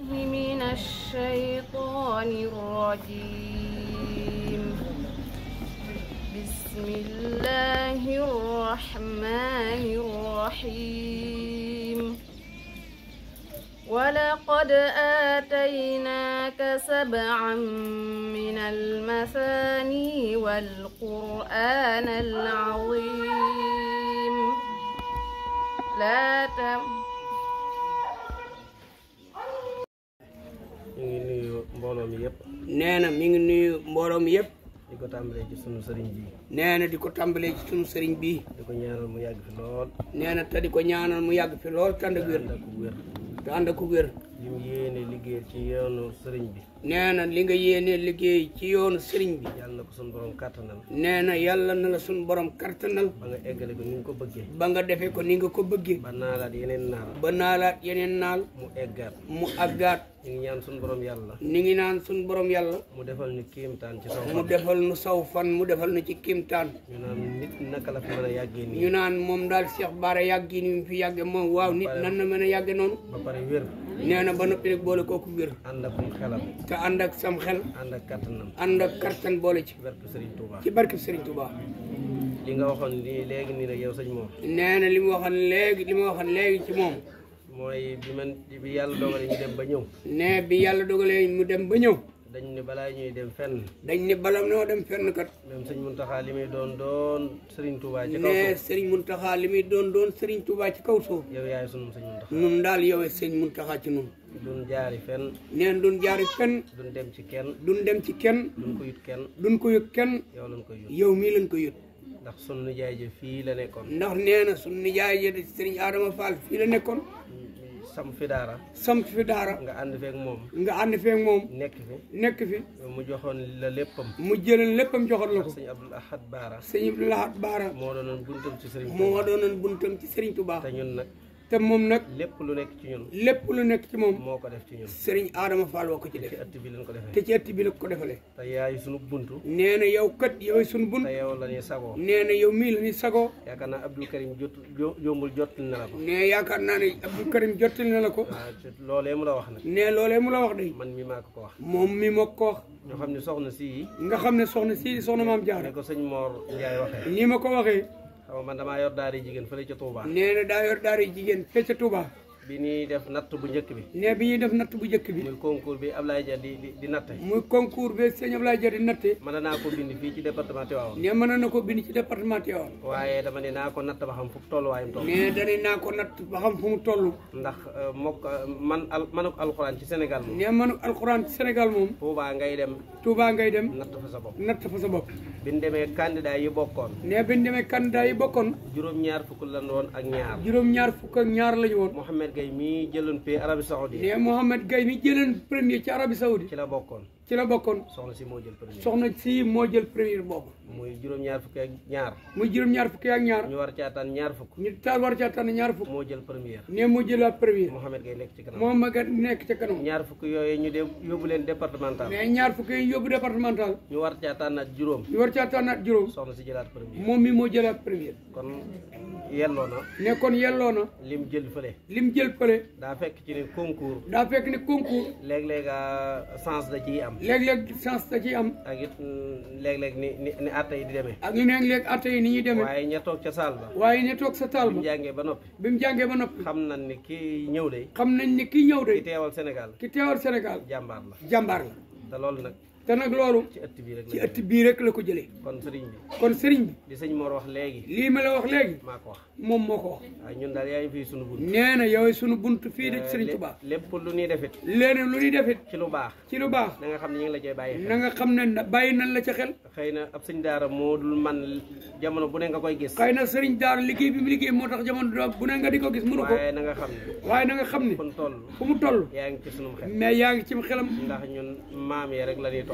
الله من الشيطان الرجيم بسم الله الرحمن الرحيم ولقد آتيناك سبعا من المثاني والقرآن العظيم لا تم mbooloo mi yëpp. na mi ngi nuyu mbooloo mi yëpp. di ko tàmbalee ci sunu sëriñ bi. nee na di ko tàmbalee ci sunu sëriñ bi. di mu yàgg fi lool. nee na te ko ñaanal mu yàgg fi lool tànd ak wér. te ànd li mu yéene liggéey ci yoonu sëriñ bi. nee na li nga yéene liggéey ci yoonu sëriñ bi. yàlla na ko sunu borom kattanal. nee na yàlla na la sunu borom kattanal. ba nga eggale ko ni nga ko bëggee. ba nga defee ko ni nga ko bëggee. ba naalaat yeneen naal. ba naalaat yeneen naal. mu eggaat mu aggaat. ñu ngi ñaan suñu borom yàlla. ñu ngi naan suñu borom yàlla. mu defal ñu kiimtaan ci saw fan. mu defal ñu saw fan mu defal na ci kiimtaan. ñu naan nit naka la fi mën a yàggee nii. ñu naan moom daal Cheikh Bara yàggee nii mu a yàggee noonu. ba noppi nag boole kooku wér. ànd ak xelam. te ànd ak sam xel. ànd ak kattanam. ànd ak kattan boole ci. barke Serigne Touba ci barke Serigne Touba. li nga waxoon nii léegi nii nag yow sëñ moom. nee na li mu waxoon léegi li ma waxoon léegi ci moom. mooy bi man bi yàlla dogalee ñu dem ba ñëw. nee bi yàlla dogalee mu dem ba ñëw. dañ ni balaa ñuy dem fenn dañ ni bala noo dem fenn kat même sëriñ Muntaxa li muy doon doon sëriñ Touba ci kaw ne sëriñ Muntaxa li muy doon doon sëriñ Touba ci kaw suuf yow yaay sunu sëriñ Muntaxa nun daal yowee sëriñ Muntaxa ci nun dun jaari fenn neen dun jaari fenn dun dem ci kenn dun dem ci kenn dun ko yut kenn dun ko yut kenn yow lañ ko yut yow mii lañ ko yut ndax sunu nijaay ja fii la nekkoon ndax nee na sunu nijaay ja sëriñ Adama Fall fii la nekkoon sam fi daara sam fi daara nga ànd feek moom nga ànd feek moom nekk fi nekk fi mu joxoon la léppam mu jëloon léppam joxoon la ko sëñ Abdoul Ahad Baara sëñ Abdoul Ahad Baara moo doonoon buntam ci sëriñ moo doonoon buntam ci sëriñ Touba te ñun nag te moom nag lépp lu nekk ci ñun lépp lu nekk ci moom moo ko def ci ñun sëriñ Adama Fall woo ci def te bi lañ ko defee te ci ëtt bi ko defalee te sunu buntu nee na yow kat yow sunu buntu te la ñuy sagoo nee na yow mii la ñuy sagoo yaakaar naa Abdou Karim jot jombul jottali na la ko nee yaakaar naa ne Abdou Karim jottali na la ko ah, loolee mu la wax nag nee loolee mu la wax day man mi maa ko ko wax moom mi moo ko wax nga xam ne soxna si nga xam ne soxna si soxna maam Jaara ni ko sëñ Mor Ndiaye ni ma ko waxee xaw man damaa yor daara jigéen fële ca Touba. daa yor daara jigéen fële ca bi ñuy def natt bu njëkk bi. ne bi ñuy def natt bu njëkk bi. muy concours bi Ablaye Dia di di natte. muy concours bi sëñ Ablaye Dia di natte. mën naa ko bind fii ci département Tivaouane. ne na ko bind ci département Tivaouane. waaye dama ne naa natt ba xam fu mu tolluwaayam toll. mais dañu naa ko natt ba xam fu mu toll. ndax euh, euh, man al alxuraan ci Sénégal moom. ne manuk alxuraan ci Sénégal moom. Touba ngay dem. Touba ngay dem. natt fa sa bopp bi ñu demee candidat yi bokkoon. juróom-ñaar fukk lañ woon ak ñaar. juróom-ñaar fukk ak ñaar lañu woon. Mouhamed Gaymi jëlun jëloon Arab Arabie Saoudite. ne Mouhamed Gaymi jëlun premier ci Arabie Saoudite. ci la bokkon ci la bokkon soxna ci mo jël premier. soxna ci mo jël premier bobu muy juroom ñaar fukk ak ñaar. muy juroom ñaar fukk ak ñaar. ñu war ci atane ñaar fukk. ñu taal war ci atane ñaar fukk. mo jël premier. ne mo jël la premier. Mouhamed Gueye nek ci kanam. Mouhamed Gueye nekk ci kanam. ñaar fukk yoy ñu dem yóbbu len départemental. mais ñaar fukk yoy yóbbu départemental. ñu war atane tànnaat juroom ñu war atane tànnaat juroom soxna ci jëlat premier. mom mi jël la premier. kon yellona na. ne kon yellona lim jël fele lim jël jël fële. daa fekk ci ni concours. da fekk ni concours. léeg-léeg chance da ci am. léeg-léeg chance da ci am. ak it léeg-léeg ni ni atay di demee. ak ni léeg-léeg atay ni ñi demee. waaye ñi tok ci saal ba. waaye ñi tok sa saal ba. bi mu ba nopi bimu jangé ba nopi xam nañ ni ki ñëw de. xam nañ ni ki ñëw de. ki téwal Sénégal. ki téwal Sénégal. jambar la jambar la. da lool nak te keluar, loolu ci ëtt bi rek la ko jëlee kon sëriñ bi kon sëriñ bi di sëñ mo wax legi li ma la wax legi mako wax mom moko wax ñun dal yaay fi suñu buntu neena yaay suñu buntu fi fii de eh, sëriñ Tuubaa lu ni defit leneen lu ni defit ci lu baax ci lu baax da nga xamni ñi ñu ngi la cay baye na nga xamne baye nan la ci xel xeyna ab daara modul man jamono bu ne nga koy gis xeyna na daara liggéey bi mu liggéey tax jamono bu ne nga di ko gis mënu ko na nga xamni ne na nga xamni fu mu toll fu mu toll yaangi ci suñu xel mais yaangi ci xelam ndax ñun maam rek la ni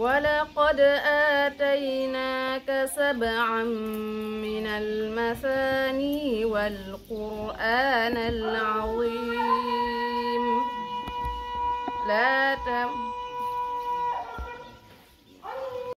ولقد آتيناك سبعا من المثاني والقرآن العظيم لا تم